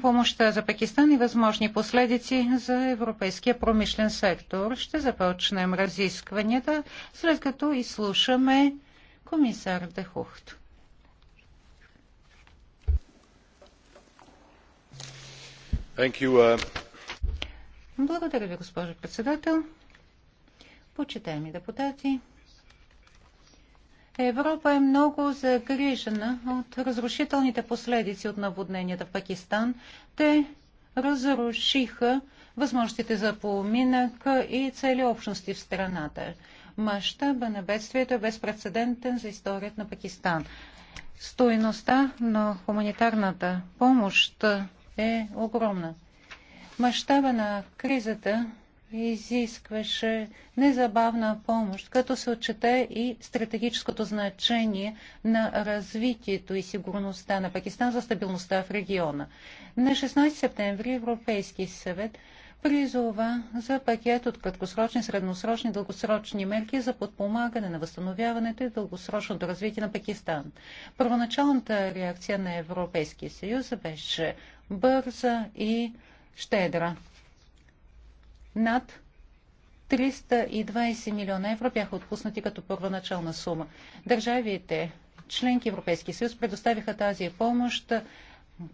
помощта за Пакистан и възможни последици за европейския промишлен сектор. Ще започнем разискванията, след като изслушаме комисар Дехухт. Uh, Благодаря ви, госпожо председател. Почитаеми депутати, Европа е много загрижена от разрушителните последици от наводненията в Пакистан. Те разрушиха възможностите за поминък и цели общности в страната. Мащаба на бедствието е безпредседентен за историята на Пакистан. Стоеността на хуманитарната помощ е огромна. Мащаба на кризата изискваше незабавна помощ, като се отчете и стратегическото значение на развитието и сигурността на Пакистан за стабилността в региона. На 16 септември Европейски съвет призова за пакет от краткосрочни, средносрочни и дългосрочни мерки за подпомагане на възстановяването и дългосрочното развитие на Пакистан. Първоначалната реакция на Европейския съюз беше бърза и щедра над 320 милиона евро бяха отпуснати като първоначална сума. Държавите, членки Европейски съюз, предоставиха тази помощ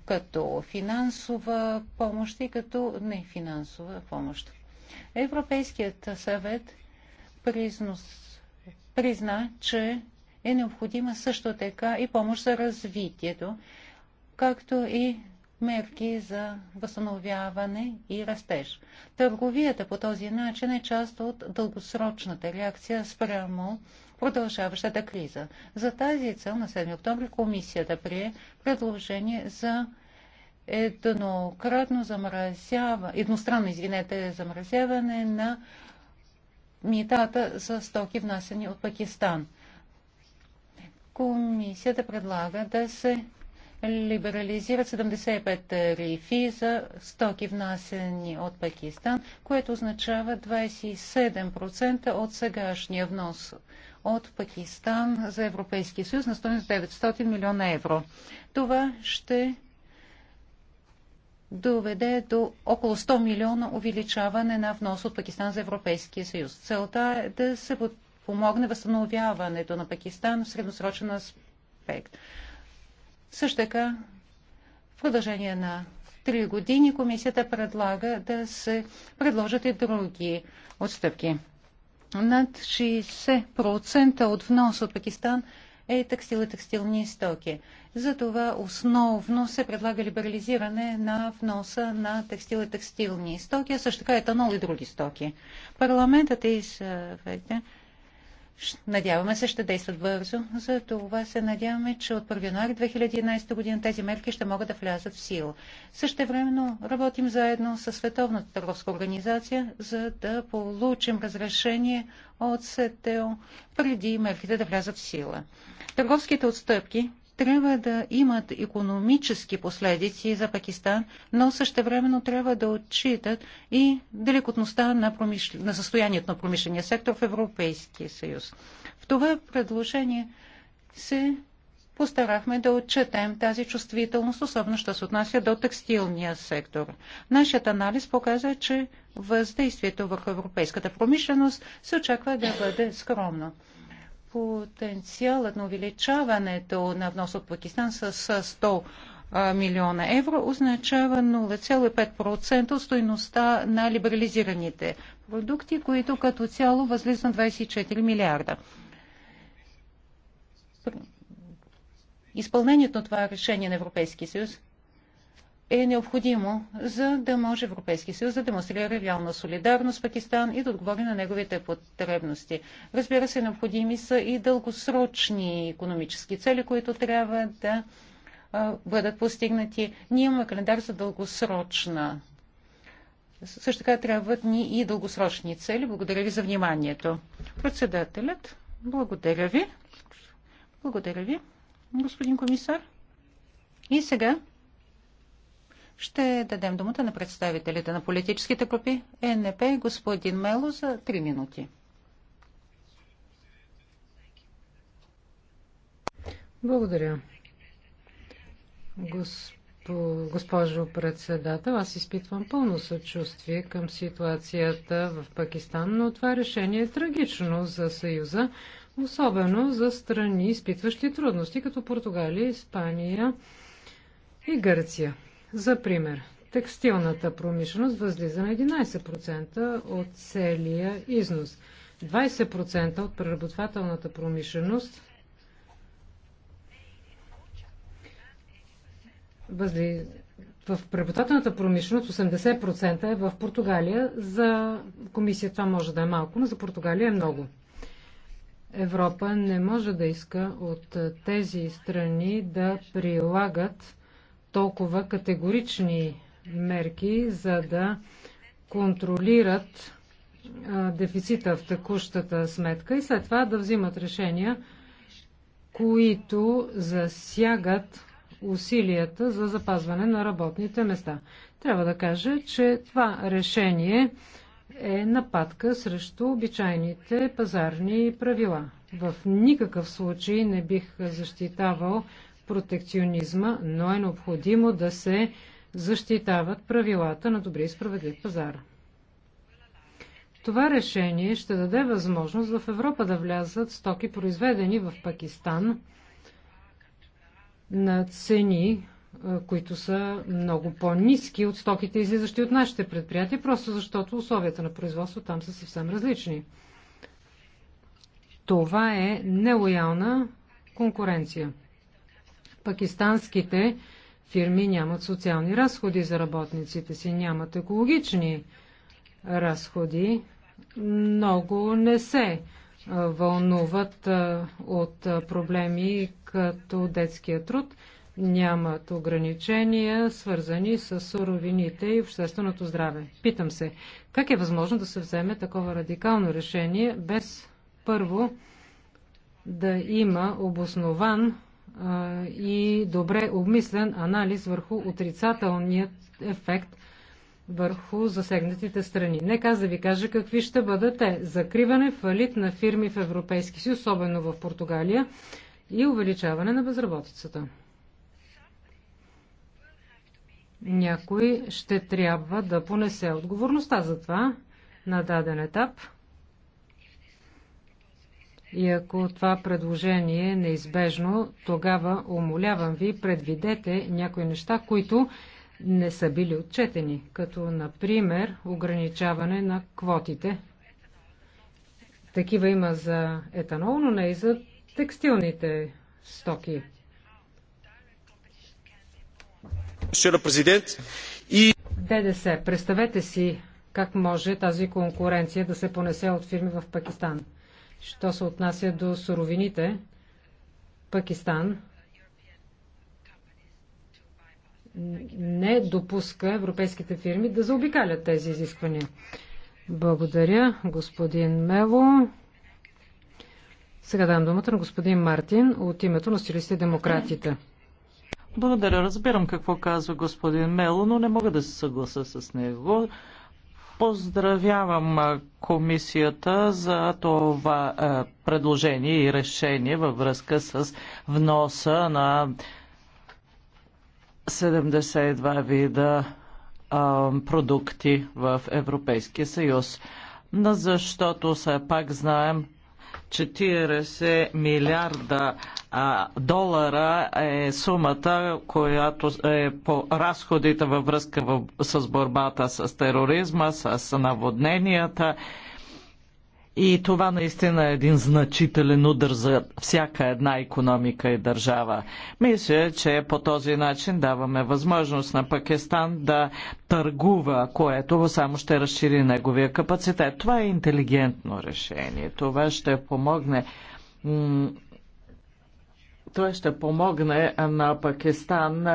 като финансова помощ и като нефинансова помощ. Европейският съвет признос, призна, че е необходима също така и помощ за развитието, както и мерки за възстановяване и растеж. Търговията по този начин е част от дългосрочната реакция спрямо продължаващата криза. За тази цел на 7 октомври комисията прие предложение за еднократно замразяване. едностранно извинете, замразяване на митата за стоки внасени от Пакистан. Комисията предлага да се либерализират 75 тарифи за стоки внасени от Пакистан, което означава 27% от сегашния внос от Пакистан за Европейския съюз на стоеност 900 милиона евро. Това ще доведе до около 100 милиона увеличаване на внос от Пакистан за Европейския съюз. Целта е да се помогне възстановяването на Пакистан в средносрочен аспект. Също така, в продължение на три години комисията предлага да се предложат и други отстъпки. Над 60% от внос от Пакистан е текстил и текстилни стоки. Затова основно се предлага либерализиране на вноса на текстил и текстилни стоки, а също така етанол и други стоки. Парламентът и съвете Надяваме се, ще действат бързо. За това се надяваме, че от 1 януари 2011 година тези мерки ще могат да влязат в сила. Също времено работим заедно с Световната търговска организация, за да получим разрешение от СТО преди мерките да влязат в сила. Търговските отстъпки трябва да имат економически последици за Пакистан, но същевременно трябва да отчитат и деликотността на, промиш... на състоянието на промишления сектор в Европейския съюз. В това предложение се постарахме да отчетем тази чувствителност, особено що се отнася до текстилния сектор. Нашият анализ показа, че въздействието върху европейската промишленост се очаква да бъде скромно потенциалът на увеличаването на внос от Пакистан с 100 милиона евро означава 0,5% от стоеността на либерализираните продукти, които като цяло възлизат на 24 милиарда. Изпълнението на това решение на Европейския съюз е необходимо, за да може Европейски съюз да демонстрира реална солидарност с Пакистан и да отговори на неговите потребности. Разбира се, необходими са и дългосрочни економически цели, които трябва да бъдат постигнати. Ние имаме календар за дългосрочна. Също така трябват ни и дългосрочни цели. Благодаря ви за вниманието. Председателят, благодаря ви. Благодаря ви, господин комисар. И сега ще дадем думата на представителите на политическите групи е ЕНП господин Мело за 3 минути. Благодаря. Госпо, госпожо председател, аз изпитвам пълно съчувствие към ситуацията в Пакистан, но това решение е трагично за Съюза, особено за страни, изпитващи трудности, като Португалия, Испания и Гърция. За пример, текстилната промишленост възлиза на 11% от целия износ. 20% от преработвателната промишленост възли... в преработвателната промишленост 80% е в Португалия. За комисия това може да е малко, но за Португалия е много. Европа не може да иска от тези страни да прилагат толкова категорични мерки, за да контролират дефицита в текущата сметка и след това да взимат решения, които засягат усилията за запазване на работните места. Трябва да кажа, че това решение е нападка срещу обичайните пазарни правила. В никакъв случай не бих защитавал протекционизма, но е необходимо да се защитават правилата на добри и справедлив пазар. Това решение ще даде възможност в Европа да влязат стоки, произведени в Пакистан на цени, е, които са много по-низки от стоките, излизащи от нашите предприятия, просто защото условията на производство там са съвсем различни. Това е нелоялна конкуренция пакистанските фирми нямат социални разходи за работниците си, нямат екологични разходи, много не се вълнуват от проблеми като детския труд, нямат ограничения, свързани с суровините и общественото здраве. Питам се, как е възможно да се вземе такова радикално решение без първо да има обоснован и добре обмислен анализ върху отрицателният ефект върху засегнатите страни. Нека аз да ви кажа какви ще бъдат те. Закриване, фалит на фирми в Европейски си, особено в Португалия, и увеличаване на безработицата. Някой ще трябва да понесе отговорността за това на даден етап – и ако това предложение е неизбежно, тогава умолявам ви, предвидете някои неща, които не са били отчетени, като например ограничаване на квотите. Такива има за етанол, но не и за текстилните стоки. ДДС. Представете си как може тази конкуренция да се понесе от фирми в Пакистан. Що се отнася до суровините, Пакистан не допуска европейските фирми да заобикалят тези изисквания. Благодаря, господин Мело. Сега дам думата на господин Мартин от името на и демократите. Благодаря. Разбирам какво казва господин Мело, но не мога да се съгласа с него. Поздравявам комисията за това предложение и решение във връзка с вноса на 72 вида продукти в Европейския съюз. Защото все пак знаем, 40 милиарда а, долара е сумата, която е по разходите във връзка в, с борбата с тероризма, с наводненията и това наистина е един значителен удар за всяка една економика и държава. Мисля, че по този начин даваме възможност на Пакистан да търгува, което само ще разшири неговия капацитет. Това е интелигентно решение. Това ще помогне Това ще помогне на Пакистан,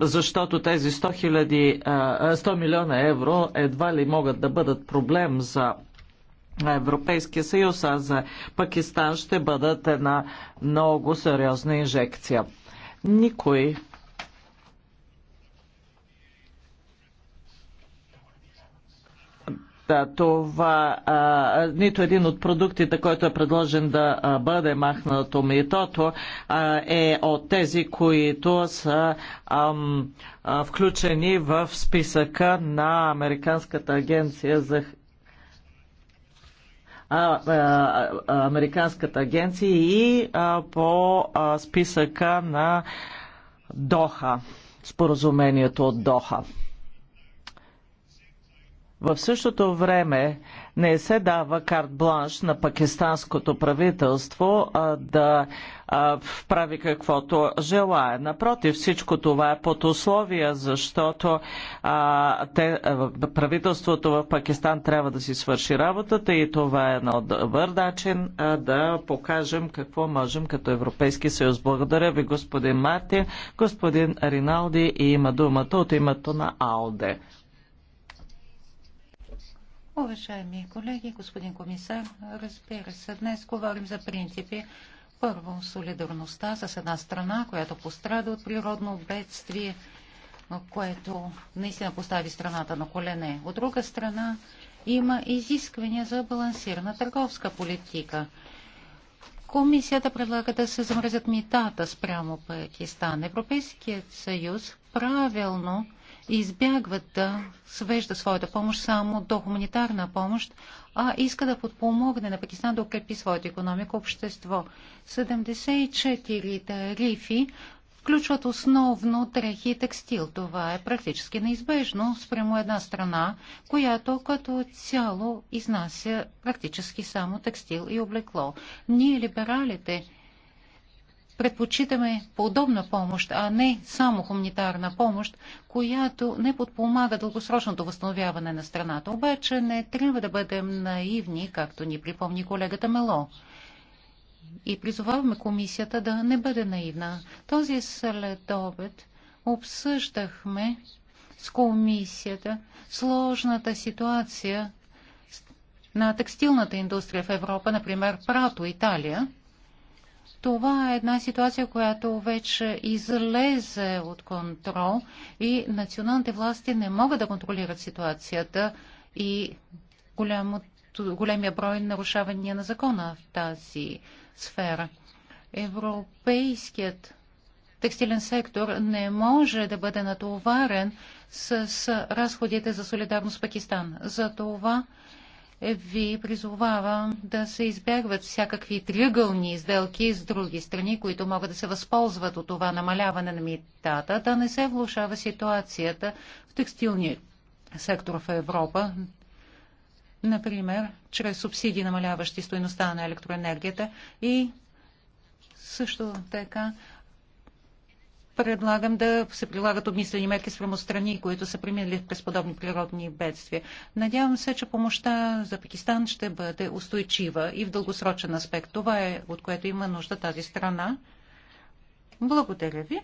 защото тези 100, 000, 100 милиона евро едва ли могат да бъдат проблем за Европейския съюз, а за Пакистан ще бъдат една много сериозна инжекция. Никой Да, това а, нито един от продуктите, който е предложен да а, бъде махнато митото, а, е от тези, които са а, а, включени в списъка на Американската агенция за а, а, Американската агенция и а, по а, списъка на Доха, споразумението от Доха. В същото време не се дава карт бланш на пакистанското правителство а, да а, прави каквото желая. Напротив, всичко това е под условия, защото а, те, а, правителството в Пакистан трябва да си свърши работата и това е едно добър начин а, да покажем какво можем като Европейски съюз. Благодаря ви, господин Мартин, господин Риналди и има думата от името на АЛДЕ. Уважаеми колеги, господин комисар, разбира се, днес говорим за принципи. Първо, солидарността с една страна, която пострада от природно бедствие, което наистина постави страната на колене. От друга страна, има изисквания за балансирана търговска политика. Комисията предлага да се замразят митата спрямо Пакистан. Европейският съюз правилно избягват да свежда своята помощ само до хуманитарна помощ, а иска да подпомогне на Пакистан да укрепи своята економика, общество. 74 тарифи включват основно дрехи и текстил. Това е практически неизбежно спрямо една страна, която като цяло изнася практически само текстил и облекло. Ние, либералите, предпочитаме подобна помощ, а не само хуманитарна помощ, която не подпомага дългосрочното възстановяване на страната. Обаче не трябва да бъдем наивни, както ни припомни колегата Мело. И призоваваме комисията да не бъде наивна. Този следобед обсъждахме с комисията сложната ситуация на текстилната индустрия в Европа, например, Прато, Италия – това е една ситуация, която вече излезе от контрол и националните власти не могат да контролират ситуацията и голямото, големия брой нарушавания на закона в тази сфера. Европейският текстилен сектор не може да бъде натоварен с разходите за солидарност с Пакистан. За това ви призовавам да се избягват всякакви триъгълни изделки с други страни, които могат да се възползват от това намаляване на митата, да не се влушава ситуацията в текстилния сектор в Европа, например, чрез субсидии, намаляващи стоеността на електроенергията и също така предлагам да се прилагат обмислени мерки спрямо страни, които са преминали през подобни природни бедствия. Надявам се, че помощта за Пакистан ще бъде устойчива и в дългосрочен аспект. Това е от което има нужда тази страна. Благодаря ви.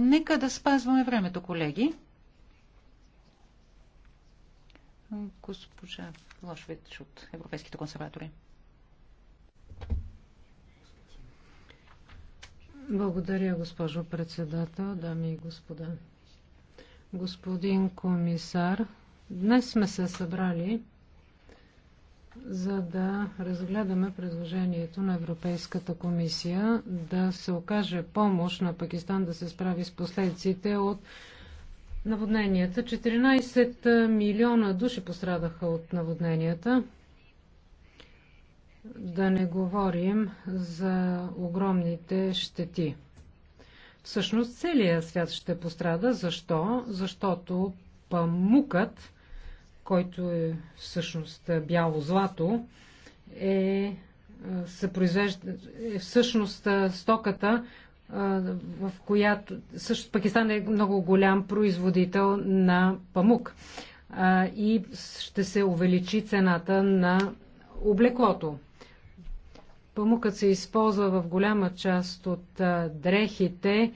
Нека да спазваме времето, колеги. Госпожа Лошвич от Европейските консерватори. Благодаря, госпожо председател, дами и господа. Господин комисар, днес сме се събрали за да разгледаме предложението на Европейската комисия да се окаже помощ на Пакистан да се справи с последиците от наводненията. 14 милиона души пострадаха от наводненията. Да не говорим за огромните щети. Всъщност целият свят ще пострада. Защо? Защото памукът, който е всъщност бяло злато, е, е, се произвежда, е всъщност е, стоката, е, в която също Пакистан е много голям производител на памук и ще се увеличи цената на облеклото. Памукът се използва в голяма част от дрехите,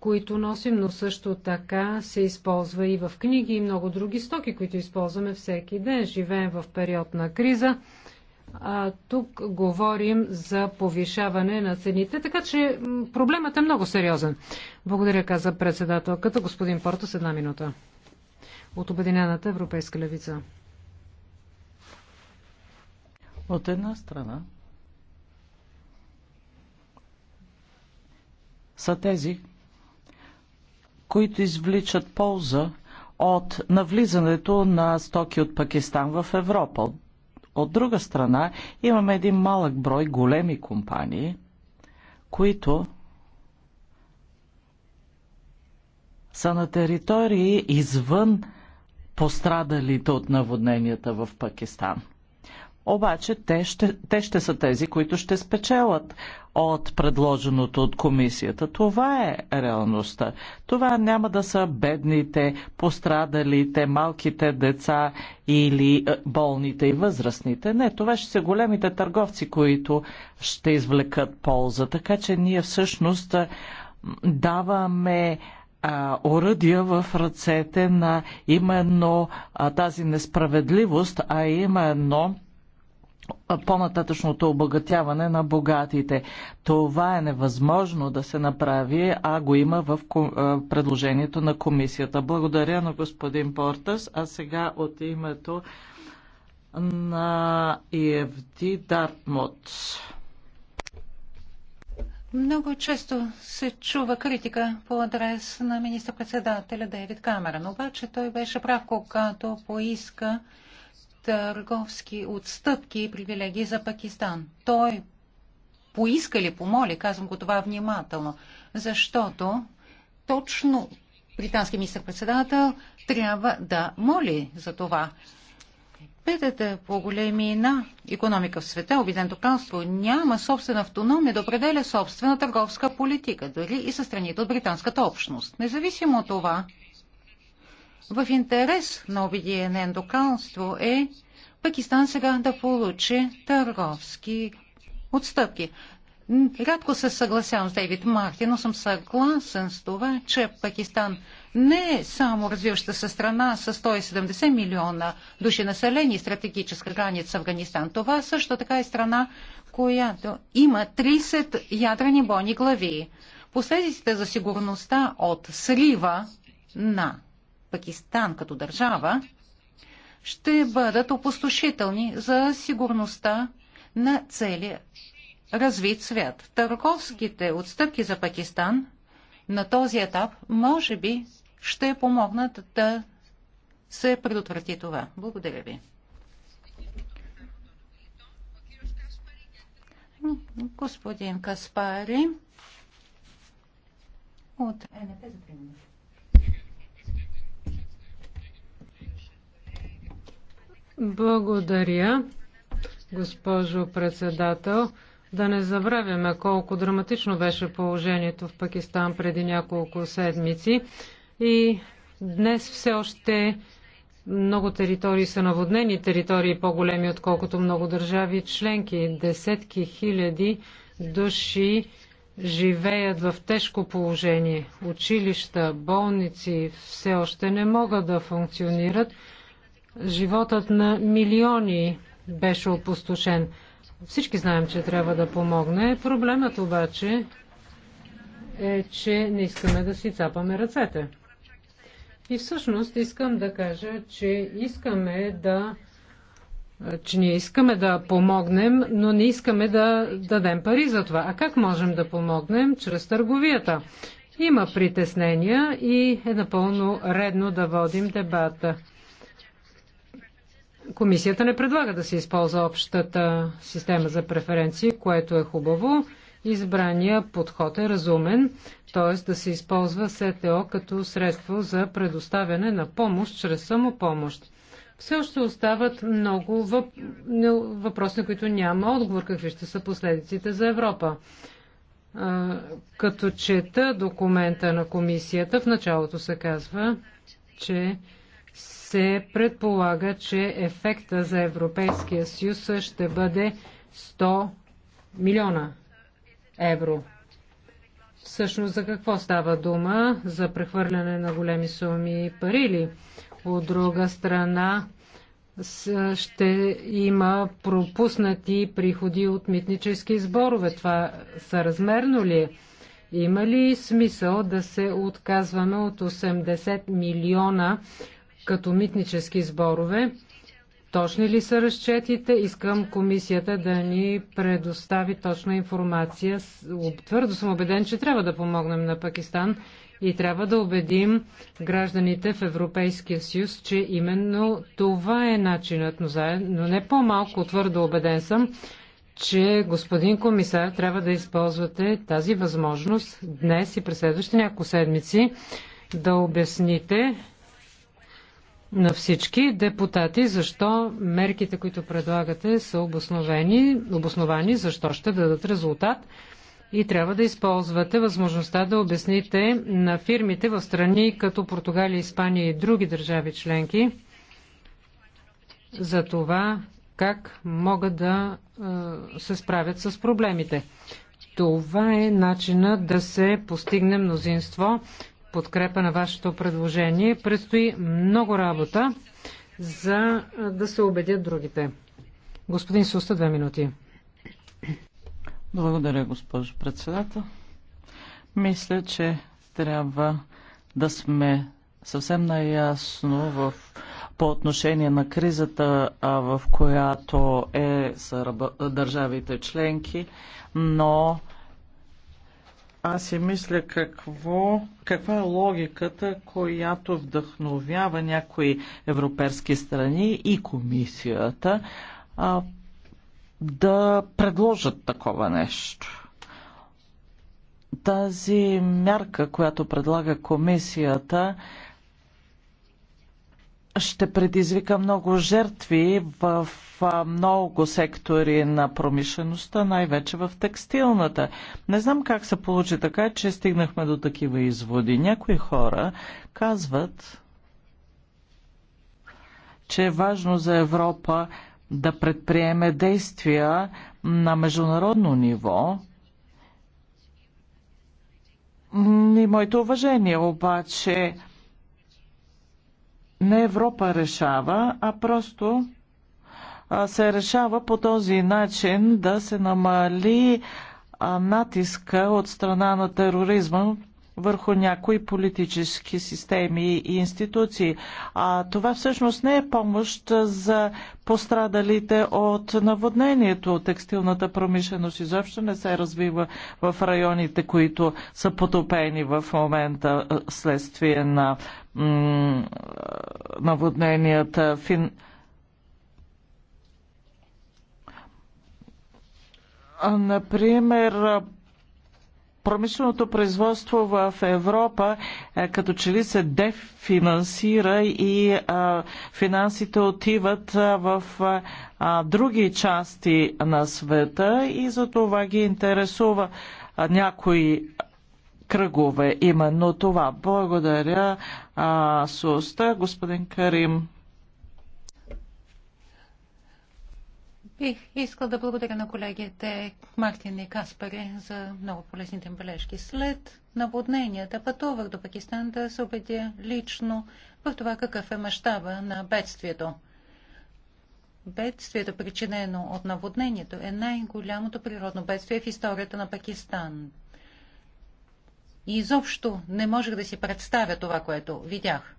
които носим, но също така се използва и в книги и много други стоки, които използваме всеки ден. Живеем в период на криза. А, тук говорим за повишаване на цените, така че проблемът е много сериозен. Благодаря, каза председателката, господин Порто, с една минута. От Обединената европейска левица. От една страна, са тези, които извличат полза от навлизането на стоки от Пакистан в Европа. От друга страна, имаме един малък брой големи компании, които са на територии извън пострадалите от наводненията в Пакистан обаче те ще, те ще са тези, които ще спечелят от предложеното от комисията. Това е реалността. Това няма да са бедните, пострадалите, малките деца или е, болните и възрастните. Не, това ще са големите търговци, които ще извлекат полза. Така че ние всъщност е, даваме оръдия в ръцете на именно а, тази несправедливост, а именно по-нататъчното обогатяване на богатите. Това е невъзможно да се направи, а го има в предложението на комисията. Благодаря на господин Портас, а сега от името на EFD е Дартмут. Много често се чува критика по адрес на министър-председателя Дейвид Камерън, обаче той беше прав, когато поиска търговски отстъпки и привилегии за Пакистан. Той поиска ли, помоли, казвам го това внимателно, защото точно британски министр-председател трябва да моли за това. Петата по големина економика в света, обиденто кралство, няма собствена автономия да определя собствена търговска политика, дори и със страните от британската общност. Независимо от това, в интерес на Обединеното кралство е Пакистан сега да получи търговски отстъпки. Рядко се съгласявам с Дейвид Мартин, но съм съгласен с това, че Пакистан не е само развиваща се страна с 170 милиона души население и стратегическа граница в Афганистан. Това също така е страна, която има 30 ядрени бойни глави. Последиците за сигурността от срива на Пакистан като държава, ще бъдат опустошителни за сигурността на целия развит свят. Търговските отстъпки за Пакистан на този етап може би ще помогнат да се предотврати това. Благодаря ви. Господин Каспари от НП за 3 минути. Благодаря, госпожо председател. Да не забравяме колко драматично беше положението в Пакистан преди няколко седмици и днес все още много територии са наводнени, територии по-големи отколкото много държави членки. Десетки хиляди души живеят в тежко положение. Училища, болници все още не могат да функционират. Животът на милиони беше опустошен. Всички знаем, че трябва да помогне. Проблемът обаче е, че не искаме да си цапаме ръцете. И всъщност искам да кажа, че искаме да че ние искаме да помогнем, но не искаме да дадем пари за това. А как можем да помогнем? Чрез търговията. Има притеснения и е напълно редно да водим дебата. Комисията не предлага да се използва общата система за преференции, което е хубаво. Избрания подход е разумен, т.е. да се използва СТО като средство за предоставяне на помощ чрез самопомощ. Все още остават много въпроси, на които няма отговор. Какви ще са последиците за Европа? Като чета документа на комисията, в началото се казва, че се предполага, че ефекта за Европейския съюз ще бъде 100 милиона евро. Всъщност за какво става дума? За прехвърляне на големи суми пари ли? От друга страна ще има пропуснати приходи от митнически сборове. Това съразмерно ли е? Има ли смисъл да се отказваме от 80 милиона като митнически сборове. Точни ли са разчетите? Искам комисията да ни предостави точна информация. Твърдо съм убеден, че трябва да помогнем на Пакистан и трябва да убедим гражданите в Европейския съюз, че именно това е начинът, но, заедно, но не по-малко твърдо убеден съм, че господин комисар трябва да използвате тази възможност днес и през следващите няколко седмици да обясните на всички депутати, защо мерките, които предлагате, са обосновени, обосновани защо ще дадат резултат и трябва да използвате възможността да обясните на фирмите в страни като Португалия, Испания и други държави членки за това как могат да се справят с проблемите. Това е начина да се постигне мнозинство подкрепа на вашето предложение. Предстои много работа, за да се убедят другите. Господин Суста, две минути. Благодаря, госпожо председател. Мисля, че трябва да сме съвсем наясно в, по отношение на кризата, а, в която е са държавите членки, но аз си мисля какво, каква е логиката, която вдъхновява някои европейски страни и комисията а, да предложат такова нещо. Тази мярка, която предлага комисията, ще предизвика много жертви в много сектори на промишлеността, най-вече в текстилната. Не знам как се получи така, че стигнахме до такива изводи. Някои хора казват, че е важно за Европа да предприеме действия на международно ниво. И моето уважение обаче не Европа решава, а просто се решава по този начин да се намали натиска от страна на тероризма върху някои политически системи и институции. А това всъщност не е помощ за пострадалите от наводнението. Текстилната промишленост изобщо не се развива в районите, които са потопени в момента следствие на наводненията. Фин... Например, промишленото производство в Европа е, като че ли се дефинансира и е, финансите отиват е, в други части на света и за това ги интересува някои кръгове. Именно това. Благодаря, Суста, господин Карим. Бих искал да благодаря на колегите Мартин и Каспари за много полезните им бележки. След наводненията пътувах до Пакистан да се убедя лично в това какъв е мащаба на бедствието. Бедствието, причинено от наводнението, е най-голямото природно бедствие в историята на Пакистан. И изобщо не можех да си представя това, което видях.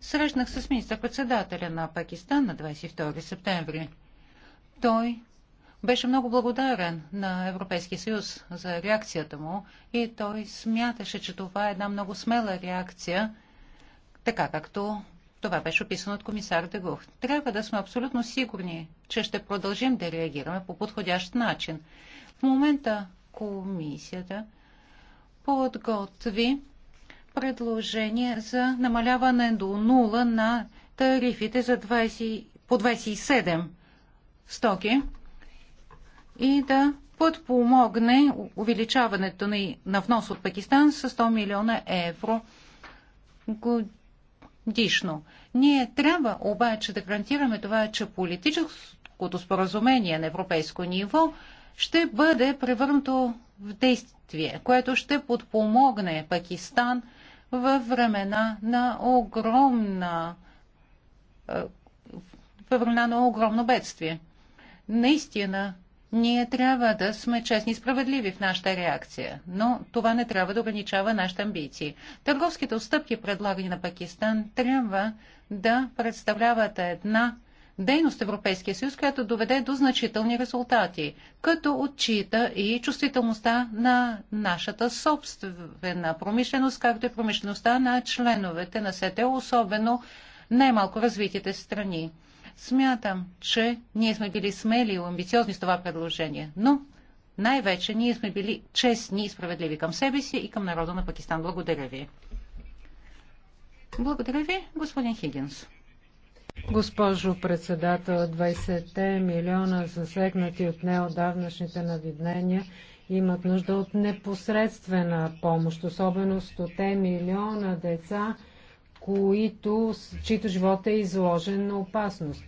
Срещнах се с министър-председателя на Пакистан на 22 септември. Той беше много благодарен на Европейския съюз за реакцията му и той смяташе, че това е една много смела реакция, така както това беше описано от комисар Дегух. Трябва да сме абсолютно сигурни, че ще продължим да реагираме по подходящ начин. В момента комисията подготви предложение за намаляване до нула на тарифите за 20, по 27 стоки и да подпомогне увеличаването на внос от Пакистан с 100 милиона евро годишно. Ние трябва обаче да гарантираме това, че политическото споразумение на европейско ниво ще бъде превърнато в действие, което ще подпомогне Пакистан във времена на огромна е, във времена на огромно бедствие. Наистина, ние трябва да сме честни и справедливи в нашата реакция, но това не трябва да ограничава нашите амбиции. Търговските отстъпки, предлагани на Пакистан, трябва да представляват една дейност Европейския съюз, която доведе до значителни резултати, като отчита и чувствителността на нашата собствена промишленост, както и промишлеността на членовете на СТО, особено най-малко развитите страни. Смятам, че ние сме били смели и амбициозни с това предложение, но най-вече ние сме били честни и справедливи към себе си и към народа на Пакистан. Благодаря ви. Благодаря ви, господин Хигинс. Госпожо председател, 20-те милиона засегнати от неодавнашните наведнения имат нужда от непосредствена помощ, особено 100 милиона деца, които, чието живот е изложен на опасност.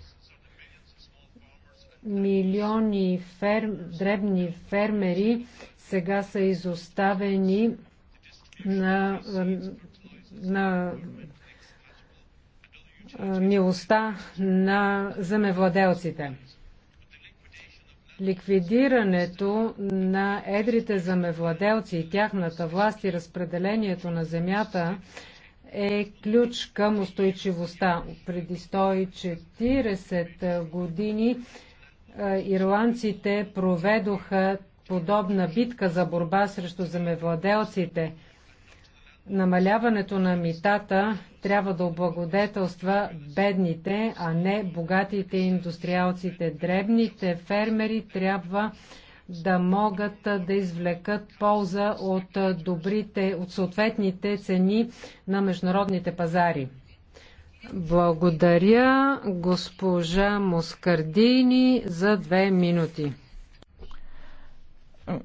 Милиони ферм, дребни фермери сега са изоставени на, на милостта на земевладелците, Ликвидирането на едрите земевладелци и тяхната власт и разпределението на земята е ключ към устойчивостта. Преди 140 години ирландците проведоха подобна битка за борба срещу земевладелците. Намаляването на митата трябва да облагодетелства бедните, а не богатите индустриалците. Дребните фермери трябва да могат да извлекат полза от добрите, от съответните цени на международните пазари. Благодаря госпожа Москардини за две минути.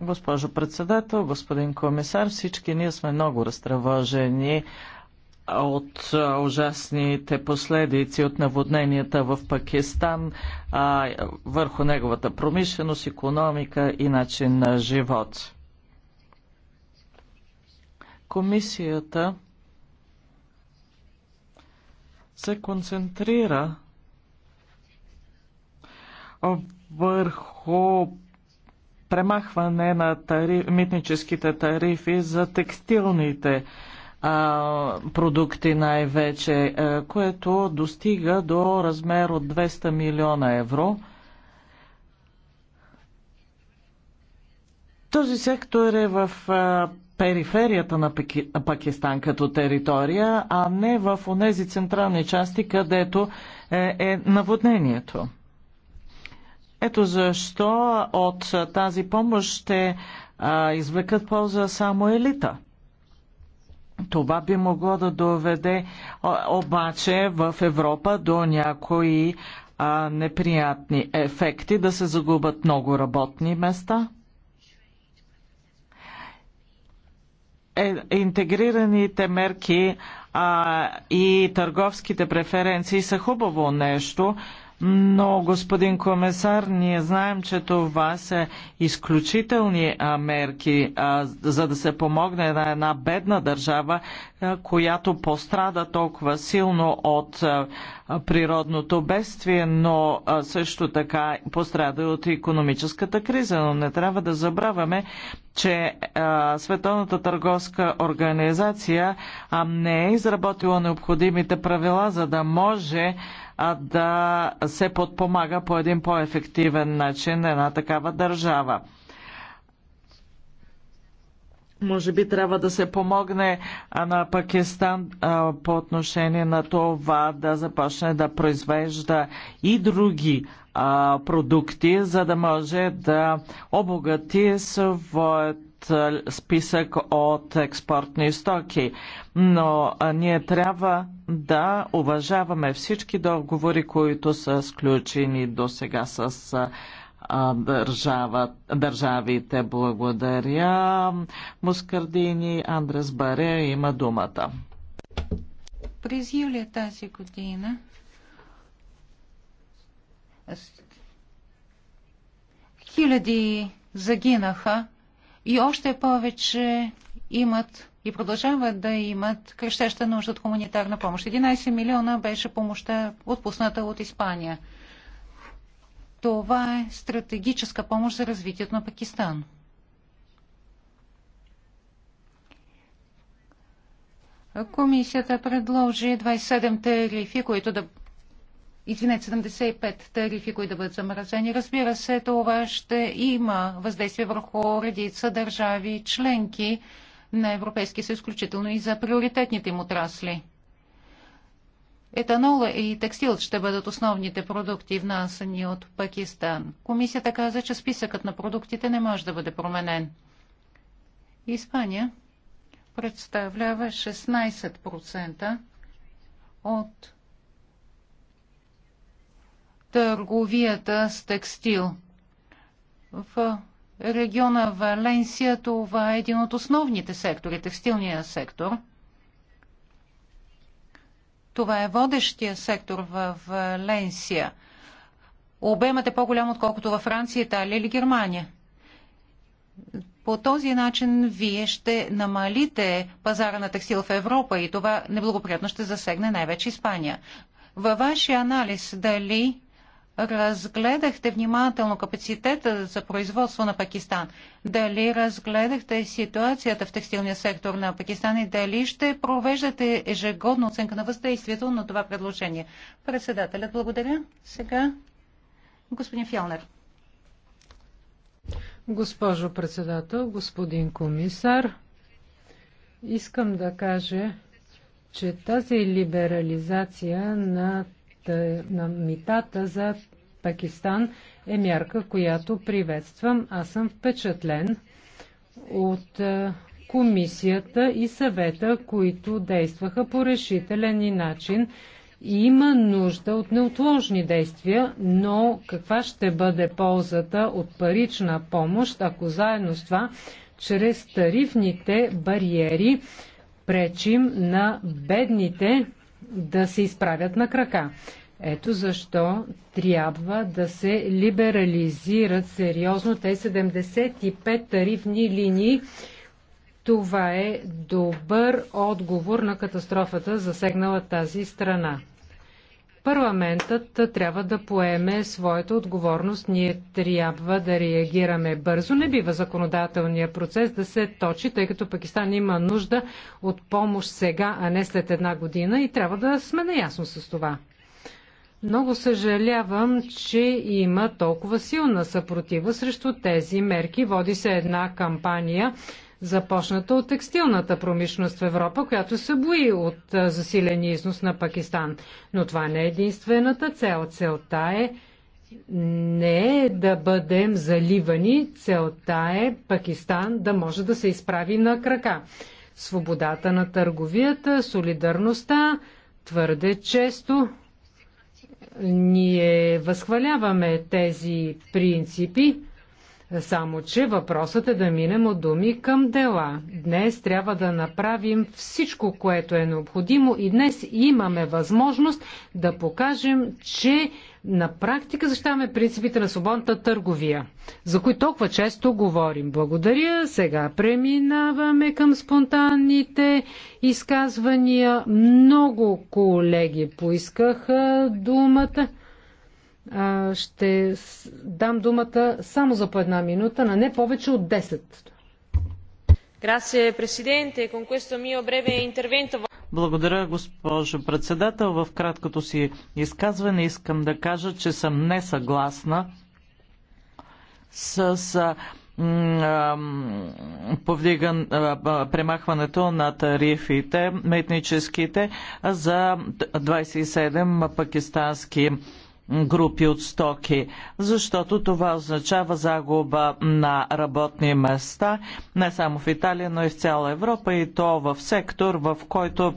Госпожо председател, господин комисар, всички ние сме много разтревожени от ужасните последици от наводненията в Пакистан а, върху неговата промишленост, економика и начин на живот. Комисията се концентрира върху премахване на тариф, митническите тарифи за текстилните а, продукти най-вече, което достига до размер от 200 милиона евро. Този сектор е в а, периферията на Пакистан като територия, а не в онези централни части, където е, е наводнението. Ето защо от тази помощ ще а, извлекат полза само елита. Това би могло да доведе обаче в Европа до някои а, неприятни ефекти, да се загубят много работни места. Е, интегрираните мерки а, и търговските преференции са хубаво нещо, но, господин комисар, ние знаем, че това са изключителни мерки, за да се помогне на една бедна държава, която пострада толкова силно от природното бедствие, но също така пострада от економическата криза. Но не трябва да забравяме, че Световната търговска организация не е изработила необходимите правила, за да може да се подпомага по един по-ефективен начин една такава държава. Може би трябва да се помогне на Пакистан а, по отношение на това да започне да произвежда и други а, продукти, за да може да обогати своят а, списък от експортни стоки. Но а, ние трябва да уважаваме всички договори, които са сключени до сега с. А, държава, държавите. Благодаря. Мускардини Андрес Баре има думата. През юли тази година хиляди загинаха и още повече имат и продължават да имат крещеща нужда от хуманитарна помощ. 11 милиона беше помощта отпусната от Испания – това е стратегическа помощ за развитието на Пакистан. Комисията предложи 27 тарифи, които да извинете, 75 тарифи, които да бъдат замразени. Разбира се, това ще има въздействие върху редица държави членки на Европейския съюз, включително и за приоритетните им отрасли. Етанола и текстил ще бъдат основните продукти внасени от Пакистан. Комисията каза, че списъкът на продуктите не може да бъде променен. Испания представлява 16% от търговията с текстил. В региона Валенсия това е един от основните сектори, текстилния сектор – това е водещия сектор в Валенсия. Обемът е по-голям, отколкото във Франция, Италия или Германия. По този начин вие ще намалите пазара на текстил в Европа и това неблагоприятно ще засегне най-вече Испания. Във вашия анализ дали разгледахте внимателно капацитета за производство на Пакистан? Дали разгледахте ситуацията в текстилния сектор на Пакистан и дали ще провеждате ежегодно оценка на въздействието на това предложение? Председателят, благодаря. Сега господин Фялнер. Госпожо председател, господин комисар, искам да кажа, че тази либерализация на е, на митата за Пакистан е мярка, която приветствам. Аз съм впечатлен от е, комисията и съвета, които действаха по решителен и начин. Има нужда от неотложни действия, но каква ще бъде ползата от парична помощ, ако заедно с това, чрез тарифните бариери, пречим на бедните да се изправят на крака. Ето защо трябва да се либерализират сериозно те 75 тарифни линии. Това е добър отговор на катастрофата, засегнала тази страна. Парламентът трябва да поеме своята отговорност. Ние трябва да реагираме бързо. Не бива законодателния процес да се точи, тъй като Пакистан има нужда от помощ сега, а не след една година и трябва да сме наясно с това. Много съжалявам, че има толкова силна съпротива срещу тези мерки. Води се една кампания започната от текстилната промишленост в Европа, която се бои от засиления износ на Пакистан. Но това не е единствената цел. Целта е не е да бъдем заливани, целта е Пакистан да може да се изправи на крака. Свободата на търговията, солидарността, твърде често ние възхваляваме тези принципи, само, че въпросът е да минем от думи към дела. Днес трябва да направим всичко, което е необходимо и днес имаме възможност да покажем, че на практика защитаваме принципите на свободната търговия, за които толкова често говорим. Благодаря. Сега преминаваме към спонтанните изказвания. Много колеги поискаха думата ще дам думата само за по една минута на не повече от 10. Благодаря, госпожо председател. В краткото си изказване искам да кажа, че съм несъгласна с повдиган премахването на тарифите, метническите за 27 пакистански групи от стоки, защото това означава загуба на работни места не само в Италия, но и в цяла Европа и то в сектор, в който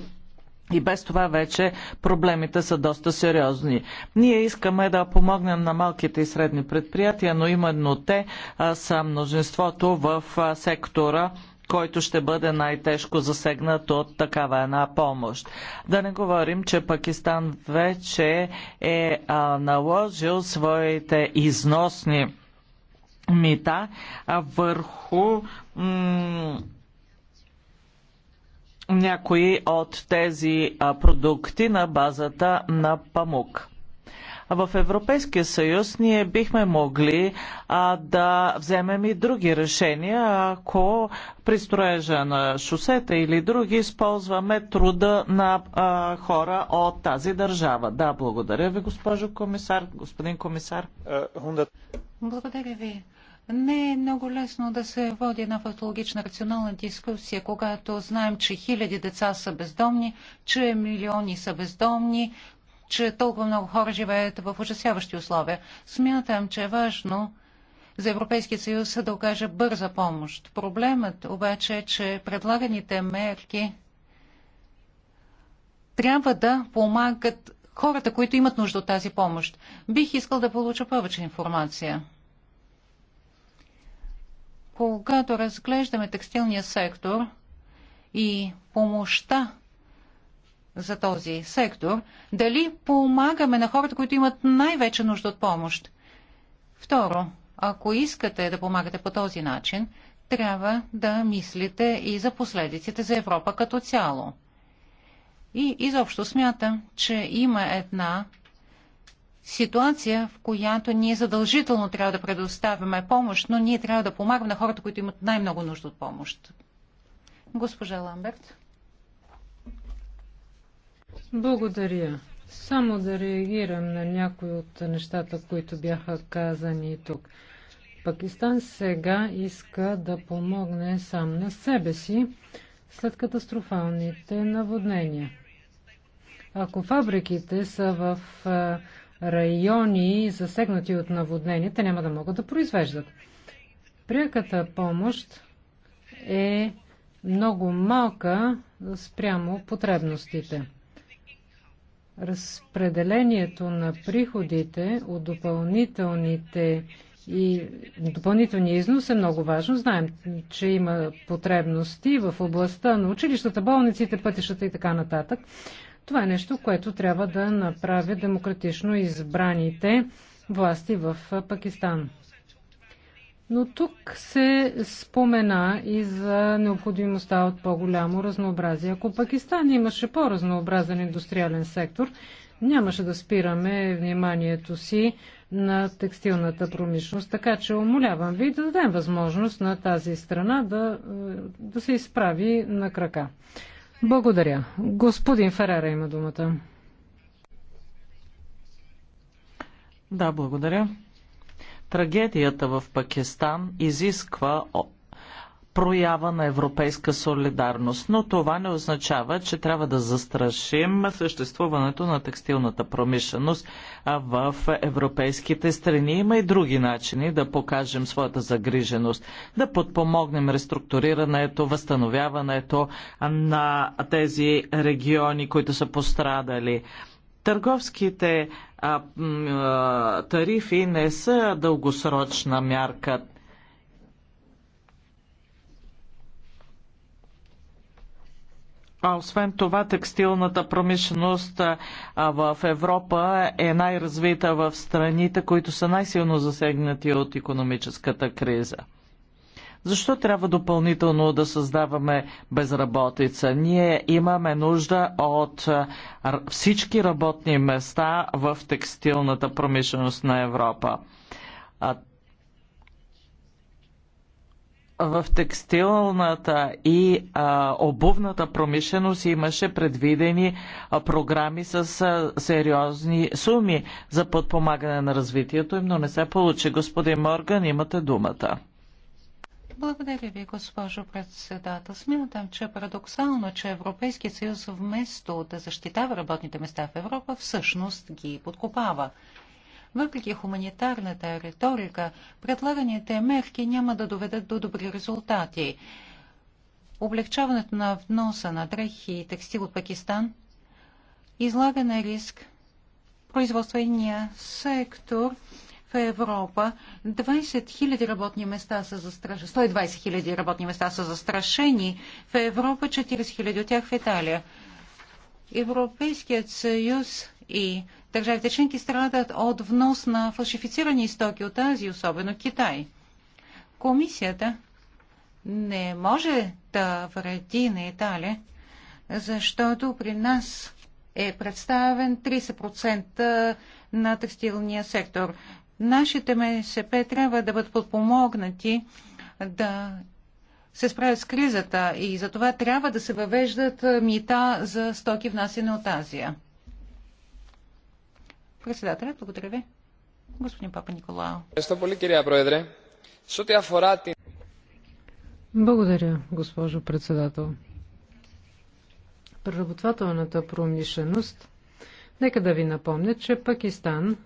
и без това вече проблемите са доста сериозни. Ние искаме да помогнем на малките и средни предприятия, но именно те са множеството в сектора който ще бъде най-тежко засегнат от такава една помощ. Да не говорим, че Пакистан вече е а, наложил своите износни мита върху някои от тези а, продукти на базата на памук в Европейския съюз ние бихме могли а, да вземем и други решения, ако при строежа на шосета или други използваме труда на а, хора от тази държава. Да, благодаря ви, госпожо комисар, господин комисар. Благодаря ви. Не е много лесно да се води една фактологична рационална дискусия, когато знаем, че хиляди деца са бездомни, че милиони са бездомни, че толкова много хора живеят в ужасяващи условия. Смятам, че е важно за Европейския съюз да окаже бърза помощ. Проблемът обаче е, че предлаганите мерки трябва да помагат хората, които имат нужда от тази помощ. Бих искал да получа повече информация. Когато разглеждаме текстилния сектор и помощта, за този сектор, дали помагаме на хората, които имат най-вече нужда от помощ. Второ, ако искате да помагате по този начин, трябва да мислите и за последиците за Европа като цяло. И изобщо смятам, че има една ситуация, в която ние задължително трябва да предоставяме помощ, но ние трябва да помагаме на хората, които имат най-много нужда от помощ. Госпожа Ламберт. Благодаря. Само да реагирам на някои от нещата, които бяха казани тук. Пакистан сега иска да помогне сам на себе си след катастрофалните наводнения. Ако фабриките са в райони засегнати от наводнения, те няма да могат да произвеждат. Пряката помощ е много малка спрямо потребностите разпределението на приходите от допълнителните и допълнителния износ е много важно. Знаем, че има потребности в областта на училищата, болниците, пътищата и така нататък. Това е нещо, което трябва да направят демократично избраните власти в Пакистан. Но тук се спомена и за необходимостта от по-голямо разнообразие. Ако Пакистан имаше по-разнообразен индустриален сектор, нямаше да спираме вниманието си на текстилната промишленост. Така че умолявам ви да дадем възможност на тази страна да, е, да се изправи на крака. Благодаря. Господин Ферера има думата. Да, благодаря. Трагедията в Пакистан изисква проява на европейска солидарност, но това не означава, че трябва да застрашим съществуването на текстилната промишленост в европейските страни. Има и други начини да покажем своята загриженост, да подпомогнем реструктурирането, възстановяването на тези региони, които са пострадали Търговските а, а, тарифи не са дългосрочна мярка. А освен това, текстилната промишленост в Европа е най-развита в страните, които са най-силно засегнати от економическата криза. Защо трябва допълнително да създаваме безработица? Ние имаме нужда от всички работни места в текстилната промишленост на Европа. В текстилната и а, обувната промишленост имаше предвидени а, програми с а, сериозни суми за подпомагане на развитието им, но не се получи. Господин Морган, имате думата. Благодаря ви, госпожо председател. Смятам, че е парадоксално, че Европейският съюз вместо да защитава работните места в Европа, всъщност ги подкопава. Въпреки хуманитарната риторика, предлаганите мерки няма да доведат до добри резултати. Облегчаването на вноса на дрехи и текстил от Пакистан излага на риск производствения сектор – в Европа 20 000 работни места са застрашени, 120 000 работни места са застрашени, в Европа 40 000 от тях в Италия. Европейският съюз и държавите членки страдат от внос на фалшифицирани стоки от Азия, особено Китай. Комисията не може да вреди на Италия, защото при нас е представен 30% на текстилния сектор. Нашите МСП трябва да бъдат подпомогнати да се справят с кризата и за това трябва да се въвеждат мита за стоки внасяне от Азия. Председателя, благодаря ви. Господин Папа Николао. Благодаря, госпожо председател. Преработвателната промишленост. Нека да ви напомня, че Пакистан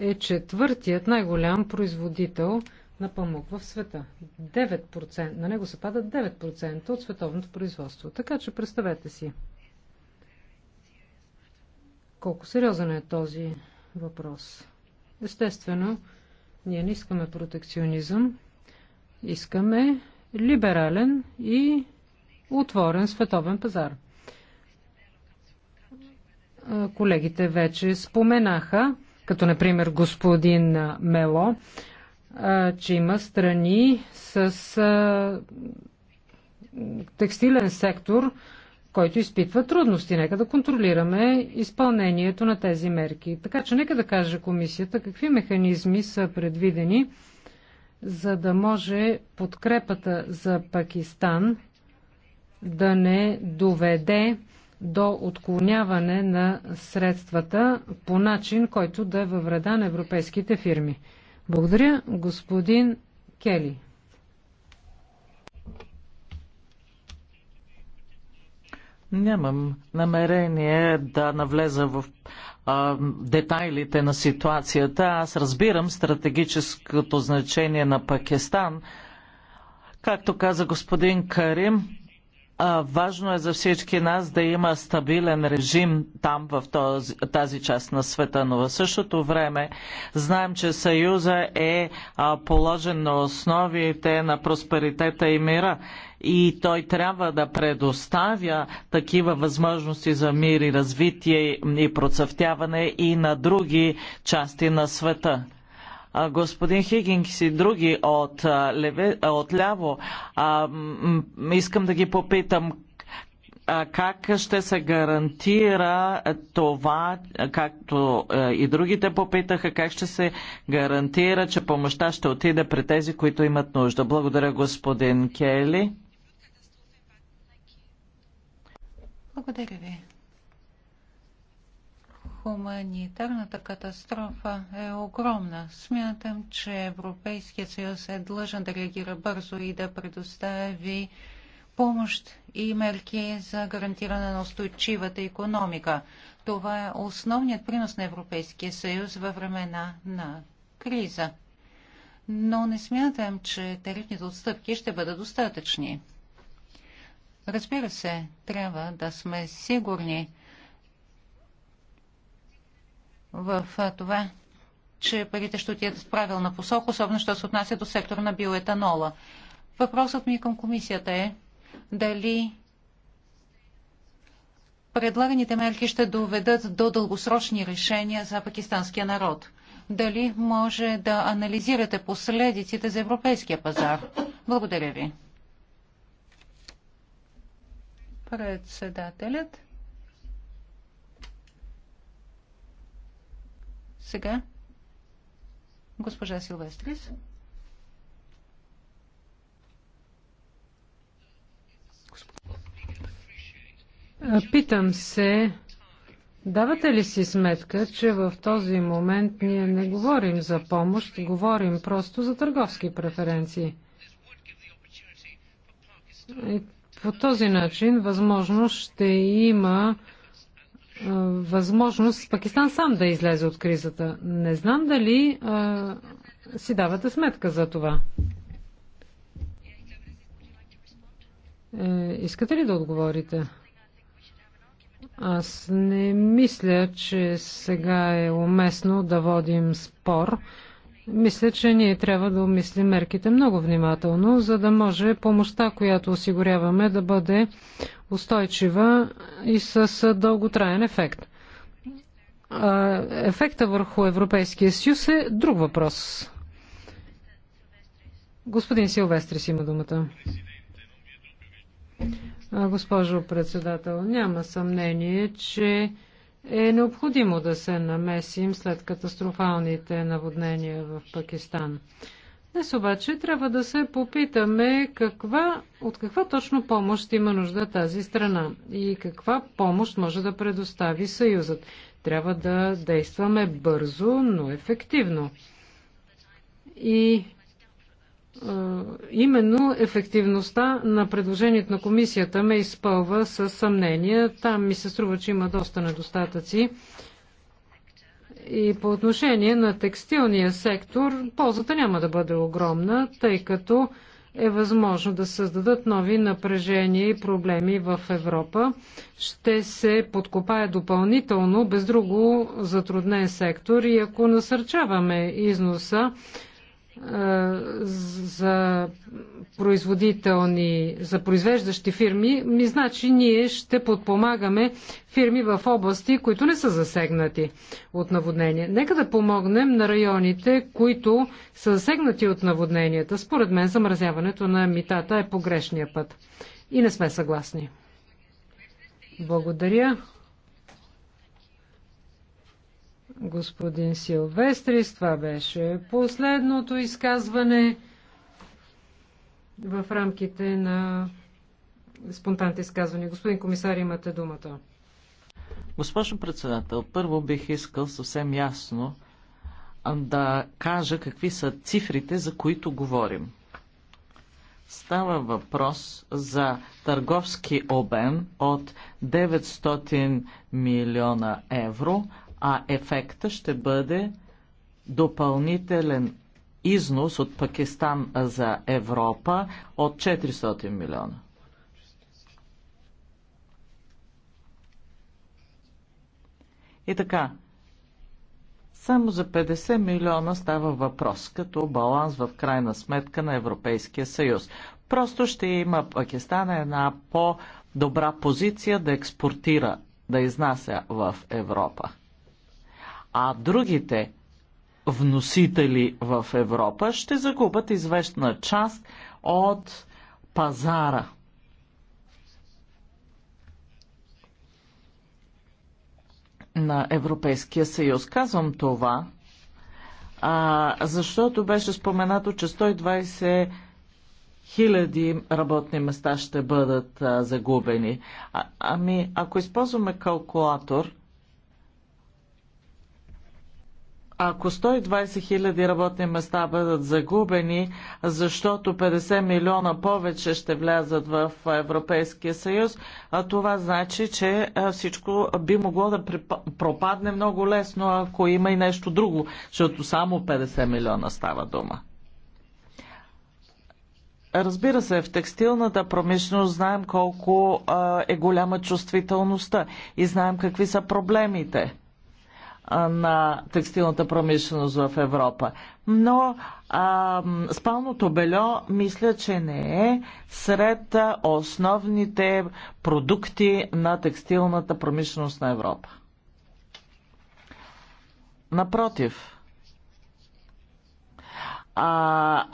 е четвъртият най-голям производител на памук в света. 9%, на него се падат 9% от световното производство. Така че представете си колко сериозен е този въпрос. Естествено, ние не искаме протекционизъм, искаме либерален и отворен световен пазар. Колегите вече споменаха като например господин Мело, че има страни с текстилен сектор, който изпитва трудности. Нека да контролираме изпълнението на тези мерки. Така че нека да каже комисията какви механизми са предвидени, за да може подкрепата за Пакистан да не доведе до отклоняване на средствата по начин, който да е във вреда на европейските фирми. Благодаря, господин Кели. Нямам намерение да навлеза в а, детайлите на ситуацията. Аз разбирам стратегическото значение на Пакистан. Както каза господин Карим, важно е за всички нас да има стабилен режим там в този, тази част на света, но в същото време знаем, че Съюза е положен на основите на просперитета и мира и той трябва да предоставя такива възможности за мир и развитие и процъфтяване и на други части на света господин Хигинс и други от, леве, от ляво, искам да ги попитам как ще се гарантира това, както и другите попитаха, как ще се гарантира, че помощта ще отиде при тези, които имат нужда. Благодаря, господин Кели. Благодаря ви. Хуманитарната катастрофа е огромна. Смятам, че Европейският съюз е длъжен да реагира бързо и да предостави помощ и мерки за гарантиране на устойчивата економика. Това е основният принос на Европейския съюз във времена на криза. Но не смятам, че тарифните отстъпки ще бъдат достатъчни. Разбира се, трябва да сме сигурни, в това, че парите ще отидат в правилна посока, особено що се отнася до сектора на биоетанола. Въпросът ми към комисията е дали предлаганите мерки ще доведат до дългосрочни решения за пакистанския народ. Дали може да анализирате последиците за европейския пазар? Благодаря ви. Председателят. Сега госпожа Силвестрис. Питам се, давате ли си сметка, че в този момент ние не говорим за помощ, говорим просто за търговски преференции? И по този начин възможно ще има възможност Пакистан сам да излезе от кризата. Не знам дали а, си давате сметка за това. Е, искате ли да отговорите? Аз не мисля, че сега е уместно да водим спор мисля, че ние трябва да умислим мерките много внимателно, за да може помощта, която осигуряваме, да бъде устойчива и с дълготраен ефект. Ефекта върху Европейския съюз е друг въпрос. Господин Силвестрис има думата. Госпожо председател, няма съмнение, че е необходимо да се намесим след катастрофалните наводнения в Пакистан. Днес обаче трябва да се попитаме каква, от каква точно помощ има нужда тази страна и каква помощ може да предостави Съюзът. Трябва да действаме бързо, но ефективно. И именно ефективността на предложението на комисията ме изпълва с съмнение. Там ми се струва, че има доста недостатъци. И по отношение на текстилния сектор, ползата няма да бъде огромна, тъй като е възможно да създадат нови напрежения и проблеми в Европа. Ще се подкопае допълнително, без друго затруднен сектор и ако насърчаваме износа за производителни, за произвеждащи фирми, ми значи ние ще подпомагаме фирми в области, които не са засегнати от наводнение. Нека да помогнем на районите, които са засегнати от наводненията. Според мен замразяването на митата е погрешния път. И не сме съгласни. Благодаря господин Силвестрис. Това беше последното изказване в рамките на спонтанните изказвания. Господин комисар, имате думата. Госпожо председател, първо бих искал съвсем ясно да кажа какви са цифрите, за които говорим. Става въпрос за търговски обем от 900 милиона евро, а ефекта ще бъде допълнителен износ от Пакистан за Европа от 400 милиона. И така, само за 50 милиона става въпрос, като баланс в крайна сметка на Европейския съюз. Просто ще има Пакистан една по-добра позиция да експортира, да изнася в Европа а другите вносители в Европа ще загубят известна част от пазара. на Европейския съюз. Казвам това, а, защото беше споменато, че 120 хиляди работни места ще бъдат а, загубени. А, ами, ако използваме калкулатор, ако 120 хиляди работни места бъдат загубени, защото 50 милиона повече ще влязат в Европейския съюз, това значи, че всичко би могло да пропадне много лесно, ако има и нещо друго, защото само 50 милиона става дума. Разбира се, в текстилната промишленост знаем колко е голяма чувствителността и знаем какви са проблемите – на текстилната промишленост в Европа. Но а, спалното бельо мисля, че не е сред основните продукти на текстилната промишленост на Европа. Напротив, а,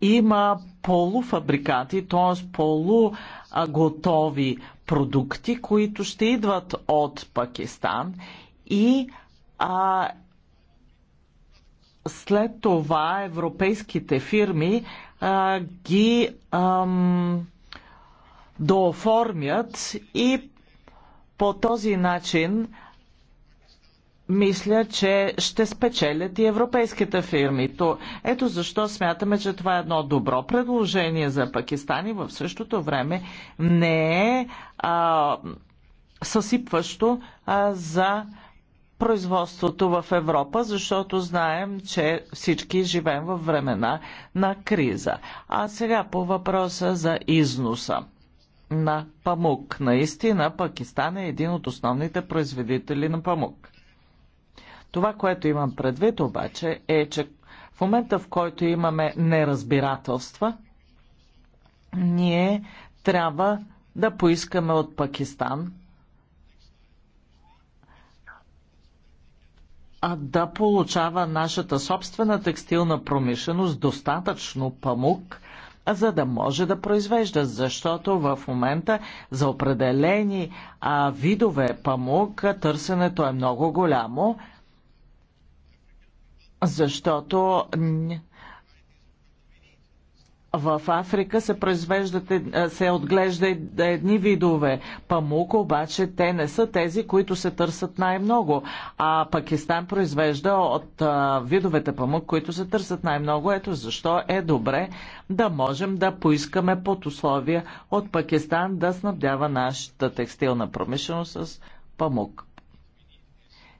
има полуфабрикати, т.е. полуготови продукти, които ще идват от Пакистан и а, след това европейските фирми а, ги ам, дооформят и по този начин мисля, че ще спечелят и европейските фирми. То, ето защо смятаме, че това е едно добро предложение за Пакистан и в същото време не е а, съсипващо а, за производството в Европа, защото знаем, че всички живеем в времена на криза. А сега по въпроса за износа на памук. Наистина Пакистан е един от основните производители на памук. Това, което имам предвид обаче е, че в момента в който имаме неразбирателства, ние трябва да поискаме от Пакистан да получава нашата собствена текстилна промишленост достатъчно памук, за да може да произвежда. защото в момента за определени а, видове памук търсенето е много голямо, защото в Африка се произвеждат, се отглежда едни видове памук, обаче те не са тези, които се търсят най-много. А Пакистан произвежда от видовете памук, които се търсят най-много. Ето защо е добре да можем да поискаме под условия от Пакистан да снабдява нашата текстилна промишленост с памук.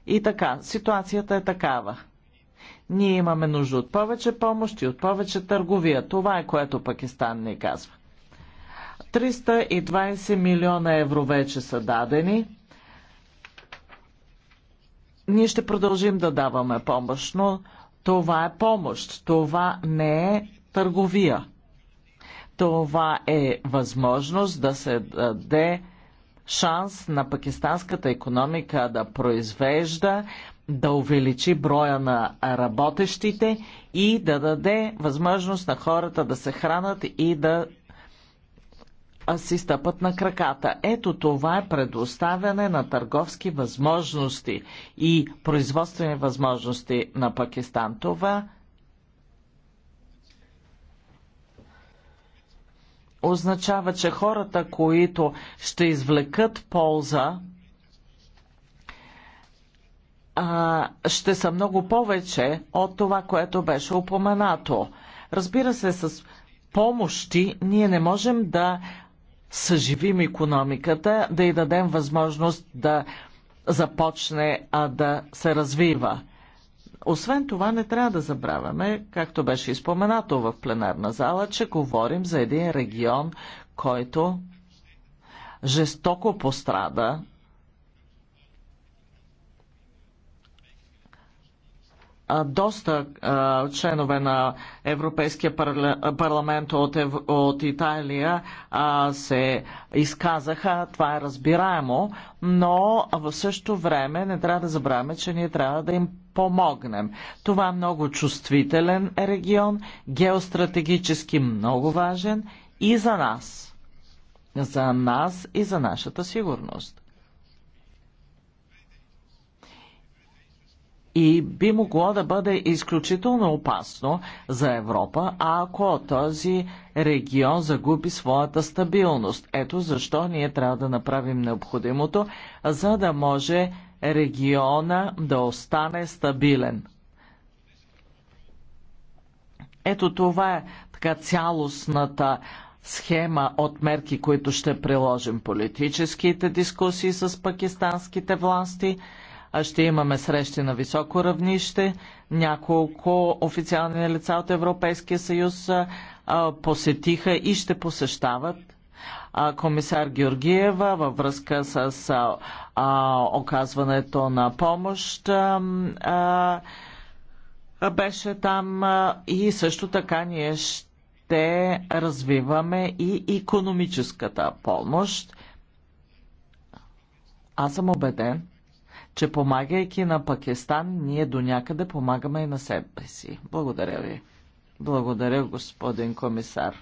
И така, ситуацията е такава. Ние имаме нужда от повече помощ и от повече търговия. Това е което Пакистан ни казва. 320 милиона евро вече са дадени. Ние ще продължим да даваме помощ, но това е помощ. Това не е търговия. Това е възможност да се даде шанс на пакистанската економика да произвежда, да увеличи броя на работещите и да даде възможност на хората да се хранат и да си стъпат на краката. Ето това е предоставяне на търговски възможности и производствени възможности на Пакистан. Това означава, че хората, които ще извлекат полза а, ще са много повече от това, което беше упоменато. Разбира се, с помощи ние не можем да съживим економиката, да й дадем възможност да започне а, да се развива. Освен това, не трябва да забравяме, както беше изпоменато в пленарна зала, че говорим за един регион, който жестоко пострада доста членове на Европейския парламент от, Италия се изказаха. Това е разбираемо, но в същото време не трябва да забравяме, че ние трябва да им помогнем. Това е много чувствителен регион, геостратегически много важен и за нас. За нас и за нашата сигурност. и би могло да бъде изключително опасно за Европа, ако този регион загуби своята стабилност. Ето защо ние трябва да направим необходимото, за да може региона да остане стабилен. Ето това е така цялостната схема от мерки, които ще приложим политическите дискусии с пакистанските власти – ще имаме срещи на високо равнище. Няколко официални лица от Европейския съюз посетиха и ще посещават комисар Георгиева във връзка с а, оказването на помощ. А, а, беше там а, и също така ние ще развиваме и економическата помощ. Аз съм убеден, че помагайки на Пакистан, ние до някъде помагаме и на себе си. Благодаря ви. Благодаря, господин комисар.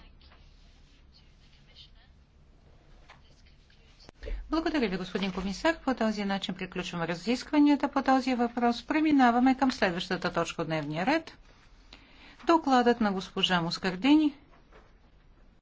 Благодаря ви, господин комисар. По този начин приключваме разискванията по този въпрос. Преминаваме към следващата точка от дневния ред. Докладът на госпожа Мускардини